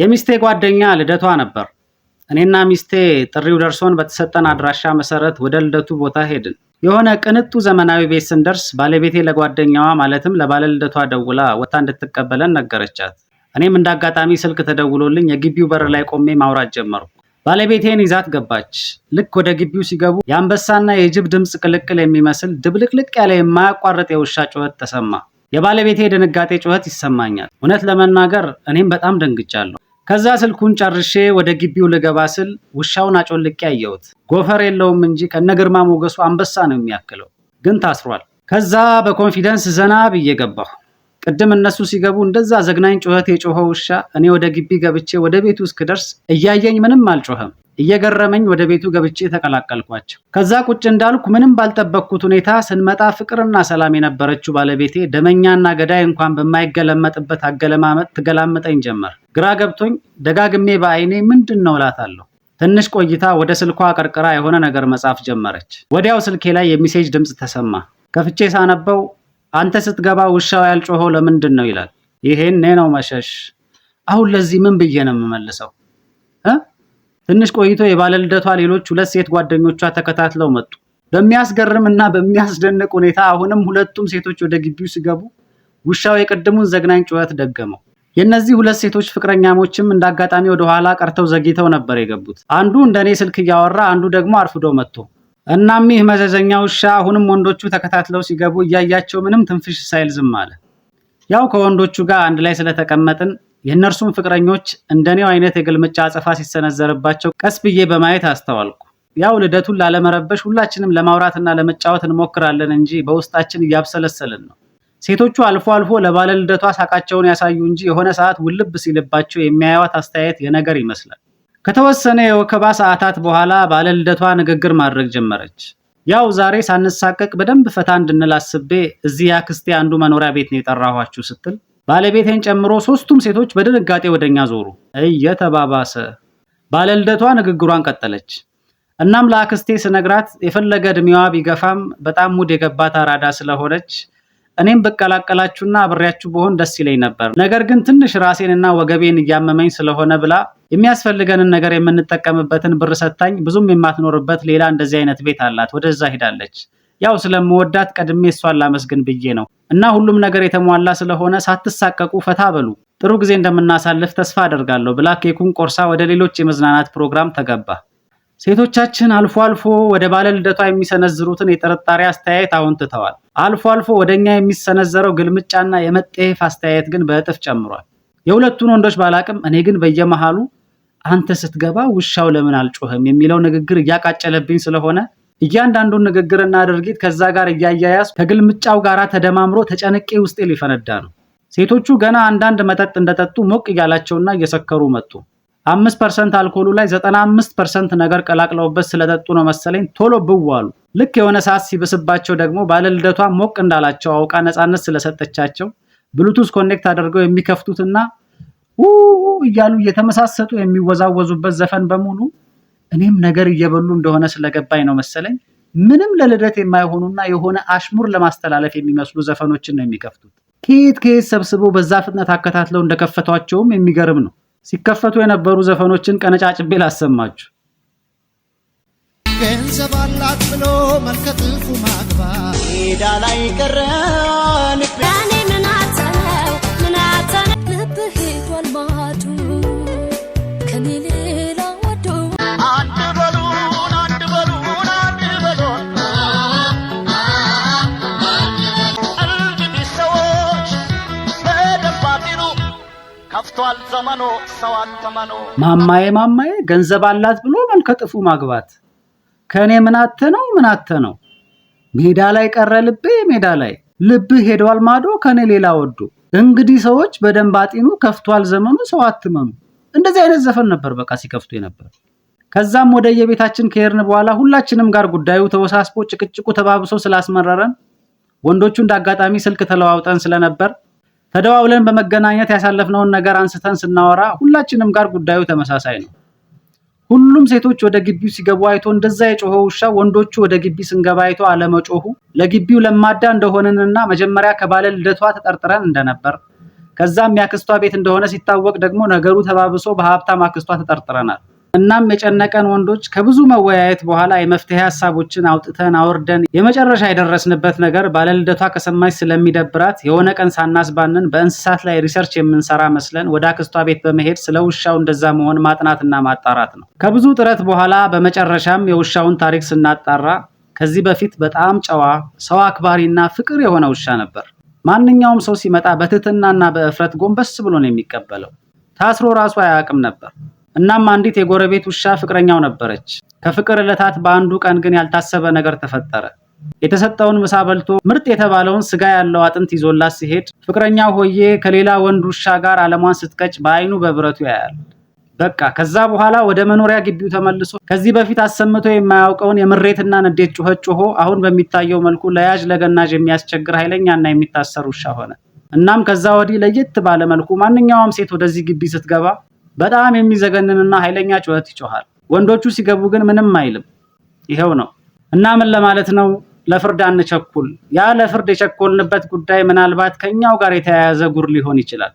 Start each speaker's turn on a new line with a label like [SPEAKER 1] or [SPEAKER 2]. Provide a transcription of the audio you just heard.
[SPEAKER 1] የሚስቴ ጓደኛ ልደቷ ነበር። እኔና ሚስቴ ጥሪው ደርሶን በተሰጠን አድራሻ መሰረት ወደ ልደቱ ቦታ ሄድን። የሆነ ቅንጡ ዘመናዊ ቤት ስንደርስ ባለቤቴ ለጓደኛዋ ማለትም ለባለልደቷ ደውላ ወታ እንድትቀበለን ነገረቻት። እኔም እንደ አጋጣሚ ስልክ ተደውሎልኝ የግቢው በር ላይ ቆሜ ማውራት ጀመርኩ። ባለቤቴን ይዛት ገባች። ልክ ወደ ግቢው ሲገቡ የአንበሳና የጅብ ድምፅ ቅልቅል የሚመስል ድብልቅልቅ ያለ የማያቋርጥ የውሻ ጩኸት ተሰማ። የባለቤቴ የድንጋጤ ጩኸት ይሰማኛል። እውነት ለመናገር እኔም በጣም ደንግጫለሁ። ከዛ ስልኩን ጨርሼ ወደ ግቢው ልገባ ስል ውሻውን አጮልቄ አየሁት። ጎፈር የለውም እንጂ ከነግርማ ሞገሱ አንበሳ ነው የሚያክለው፣ ግን ታስሯል። ከዛ በኮንፊደንስ ዘና ብዬ ገባሁ። ቅድም እነሱ ሲገቡ እንደዛ ዘግናኝ ጩኸት የጮኸ ውሻ እኔ ወደ ግቢ ገብቼ ወደ ቤቱ እስክደርስ እያየኝ ምንም አልጮኸም። እየገረመኝ ወደ ቤቱ ገብቼ ተቀላቀልኳቸው። ከዛ ቁጭ እንዳልኩ ምንም ባልጠበቅኩት ሁኔታ ስንመጣ ፍቅርና ሰላም የነበረችው ባለቤቴ ደመኛና ገዳይ እንኳን በማይገለመጥበት አገለማመጥ ትገላምጠኝ ጀመር። ግራ ገብቶኝ ደጋግሜ በአይኔ ምንድን ነው እላታለሁ። ትንሽ ቆይታ ወደ ስልኳ ቀርቅራ የሆነ ነገር መጻፍ ጀመረች። ወዲያው ስልኬ ላይ የሚሴጅ ድምፅ ተሰማ። ከፍቼ ሳነበው አንተ ስትገባ ውሻው ያልጮኸው ለምንድን ነው ይላል። ይሄኔ ነው መሸሽ። አሁን ለዚህ ምን ብዬ ነው የምመልሰው? ትንሽ ቆይቶ የባለልደቷ ሌሎች ሁለት ሴት ጓደኞቿ ተከታትለው መጡ። በሚያስገርም እና በሚያስደንቅ ሁኔታ አሁንም ሁለቱም ሴቶች ወደ ግቢው ሲገቡ ውሻው የቅድሙን ዘግናኝ ጩኸት ደገመው። የእነዚህ ሁለት ሴቶች ፍቅረኛሞችም እንዳጋጣሚ ወደ ኋላ ቀርተው ዘግይተው ነበር የገቡት። አንዱ እንደኔ ስልክ እያወራ፣ አንዱ ደግሞ አርፍዶ መጥቶ እናም ይህ መዘዘኛ ውሻ አሁንም ወንዶቹ ተከታትለው ሲገቡ እያያቸው ምንም ትንፍሽ ሳይል ዝም አለ። ያው ከወንዶቹ ጋር አንድ ላይ ስለተቀመጥን የእነርሱም ፍቅረኞች እንደኔው አይነት የግልምጫ አጸፋ ሲሰነዘርባቸው ቀስ ብዬ በማየት አስተዋልኩ። ያው ልደቱን ላለመረበሽ ሁላችንም ለማውራትና ለመጫወት እንሞክራለን እንጂ በውስጣችን እያብሰለሰልን ነው። ሴቶቹ አልፎ አልፎ ለባለ ልደቷ ሳቃቸውን ያሳዩ እንጂ የሆነ ሰዓት ውልብ ሲልባቸው የሚያዩዋት አስተያየት የነገር ይመስላል። ከተወሰነ የወከባ ሰዓታት በኋላ ባለልደቷ ንግግር ማድረግ ጀመረች። ያው ዛሬ ሳንሳቀቅ በደንብ ፈታ እንድንል አስቤ እዚህ ያክስቴ አንዱ መኖሪያ ቤት ነው የጠራኋችሁ ስትል ባለቤቴን ጨምሮ ሶስቱም ሴቶች በድንጋጤ ወደኛ ዞሩ። እየተባባሰ ባለልደቷ ንግግሯን ቀጠለች። እናም ለአክስቴ ስነግራት የፈለገ እድሜዋ ቢገፋም በጣም ሙድ የገባት አራዳ ስለሆነች እኔም ብቀላቀላችሁና አብሬያችሁ ብሆን ደስ ይለኝ ነበር፣ ነገር ግን ትንሽ ራሴንና ወገቤን እያመመኝ ስለሆነ ብላ የሚያስፈልገንን ነገር የምንጠቀምበትን ብር ሰታኝ፣ ብዙም የማትኖርበት ሌላ እንደዚህ አይነት ቤት አላት፣ ወደዛ ሂዳለች። ያው ስለምወዳት ቀድሜ እሷን ላመስግን ብዬ ነው እና ሁሉም ነገር የተሟላ ስለሆነ ሳትሳቀቁ ፈታ በሉ ጥሩ ጊዜ እንደምናሳልፍ ተስፋ አደርጋለሁ ብላ ኬኩን ቆርሳ ወደ ሌሎች የመዝናናት ፕሮግራም ተገባ። ሴቶቻችን አልፎ አልፎ ወደ ባለ ልደቷ የሚሰነዝሩትን የጥርጣሬ አስተያየት አሁን ትተዋል። አልፎ አልፎ ወደ እኛ የሚሰነዘረው ግልምጫና የመጠየፍ አስተያየት ግን በእጥፍ ጨምሯል። የሁለቱን ወንዶች ባላቅም፣ እኔ ግን በየመሃሉ አንተ ስትገባ ውሻው ለምን አልጮህም የሚለው ንግግር እያቃጨለብኝ ስለሆነ እያንዳንዱን ንግግርና ድርጊት ከዛ ጋር እያያያዝ ከግልምጫው ጋር ተደማምሮ ተጨንቄ ውስጤ ሊፈነዳ ነው። ሴቶቹ ገና አንዳንድ መጠጥ እንደጠጡ ሞቅ እያላቸውና እየሰከሩ መጡ። አምስት ፐርሰንት አልኮሉ ላይ ዘጠና አምስት ፐርሰንት ነገር ቀላቅለውበት ስለጠጡ ነው መሰለኝ ቶሎ ብዋሉ። ልክ የሆነ ሰዓት ሲብስባቸው ደግሞ ባለልደቷ ሞቅ እንዳላቸው አውቃ ነፃነት ስለሰጠቻቸው ብሉቱዝ ኮኔክት አድርገው የሚከፍቱትና እያሉ እየተመሳሰጡ የሚወዛወዙበት ዘፈን በሙሉ እኔም ነገር እየበሉ እንደሆነ ስለገባኝ ነው መሰለኝ ምንም ለልደት የማይሆኑና የሆነ አሽሙር ለማስተላለፍ የሚመስሉ ዘፈኖችን ነው የሚከፍቱት። ከየት ከየት ሰብስበው በዛ ፍጥነት አከታትለው እንደከፈቷቸውም የሚገርም ነው። ሲከፈቱ የነበሩ ዘፈኖችን ቀነጫጭቤ ላሰማችሁ። ገንዘብ አላት ብሎ መልከትፉ ማግባት ሜዳ ላይ ቀረ
[SPEAKER 2] ገፍቷል ዘመኖ ሰው አተመኖ ማማዬ ማማዬ ገንዘብ አላት ብሎ ከጥፉ ማግባት ከእኔ ምናተ ነው ምናተ ነው ሜዳ ላይ ቀረ ልቤ ሜዳ ላይ ልብህ ሄዷል ማዶ ከኔ ሌላ ወዶ እንግዲህ ሰዎች በደንብ አጢኑ ከፍቷል ዘመኑ ሰው አትመኑ እንደዚህ አይነት ዘፈን ነበር በቃ ሲከፍቱ የነበር። ከዛም ወደ የቤታችን ከሄድን በኋላ ሁላችንም ጋር ጉዳዩ ተወሳስቦ ጭቅጭቁ ተባብሶ ስላስመረረን ወንዶቹ እንደ አጋጣሚ ስልክ ተለዋውጠን ስለነበር ተደዋውለን በመገናኘት ያሳለፍነውን ነገር አንስተን ስናወራ ሁላችንም ጋር ጉዳዩ ተመሳሳይ ነው። ሁሉም ሴቶች ወደ ግቢው ሲገቡ አይቶ እንደዛ የጮኸ ውሻ ወንዶቹ ወደ ግቢ ስንገባ አይቶ አለመጮሁ ለግቢው ለማዳ እንደሆነንና መጀመሪያ ከባለ ልደቷ ተጠርጥረን እንደነበር ከዛም ያክስቷ ቤት እንደሆነ ሲታወቅ ደግሞ ነገሩ ተባብሶ በሀብታም አክስቷ ተጠርጥረናል። እናም የጨነቀን ወንዶች ከብዙ መወያየት በኋላ የመፍትሄ ሀሳቦችን አውጥተን አውርደን የመጨረሻ የደረስንበት ነገር ባለልደቷ ከሰማች ስለሚደብራት የሆነ ቀን ሳናስባንን በእንስሳት ላይ ሪሰርች የምንሰራ መስለን ወደ አክስቷ ቤት በመሄድ ስለ ውሻው እንደዛ መሆን ማጥናትና ማጣራት ነው። ከብዙ ጥረት በኋላ በመጨረሻም የውሻውን ታሪክ ስናጣራ ከዚህ በፊት በጣም ጨዋ ሰው አክባሪና ፍቅር የሆነ ውሻ ነበር። ማንኛውም ሰው ሲመጣ በትህትናና በእፍረት ጎንበስ ብሎ ነው የሚቀበለው። ታስሮ ራሱ አያውቅም ነበር። እናም አንዲት የጎረቤት ውሻ ፍቅረኛው ነበረች። ከፍቅር ዕለታት በአንዱ ቀን ግን ያልታሰበ ነገር ተፈጠረ። የተሰጠውን ምሳ በልቶ ምርጥ የተባለውን ስጋ ያለው አጥንት ይዞላት ሲሄድ ፍቅረኛው ሆዬ ከሌላ ወንድ ውሻ ጋር አለሟን ስትቀጭ በአይኑ በብረቱ ያያል። በቃ ከዛ በኋላ ወደ መኖሪያ ግቢው ተመልሶ ከዚህ በፊት አሰምቶ የማያውቀውን የምሬትና ንዴት ጩኸት ጩሆ አሁን በሚታየው መልኩ ለያዥ ለገናዥ የሚያስቸግር ኃይለኛና የሚታሰር ውሻ ሆነ። እናም ከዛ ወዲህ ለየት ባለ መልኩ ማንኛውም ሴት ወደዚህ ግቢ ስትገባ በጣም የሚዘገንንና ኃይለኛ ጩኸት ይጮኋል። ወንዶቹ ሲገቡ ግን ምንም አይልም። ይኸው ነው እና ምን ለማለት ነው? ለፍርድ አንቸኩል። ያ ለፍርድ የቸኮልንበት ጉዳይ ምናልባት ከእኛው ጋር የተያያዘ ጉር ሊሆን ይችላል።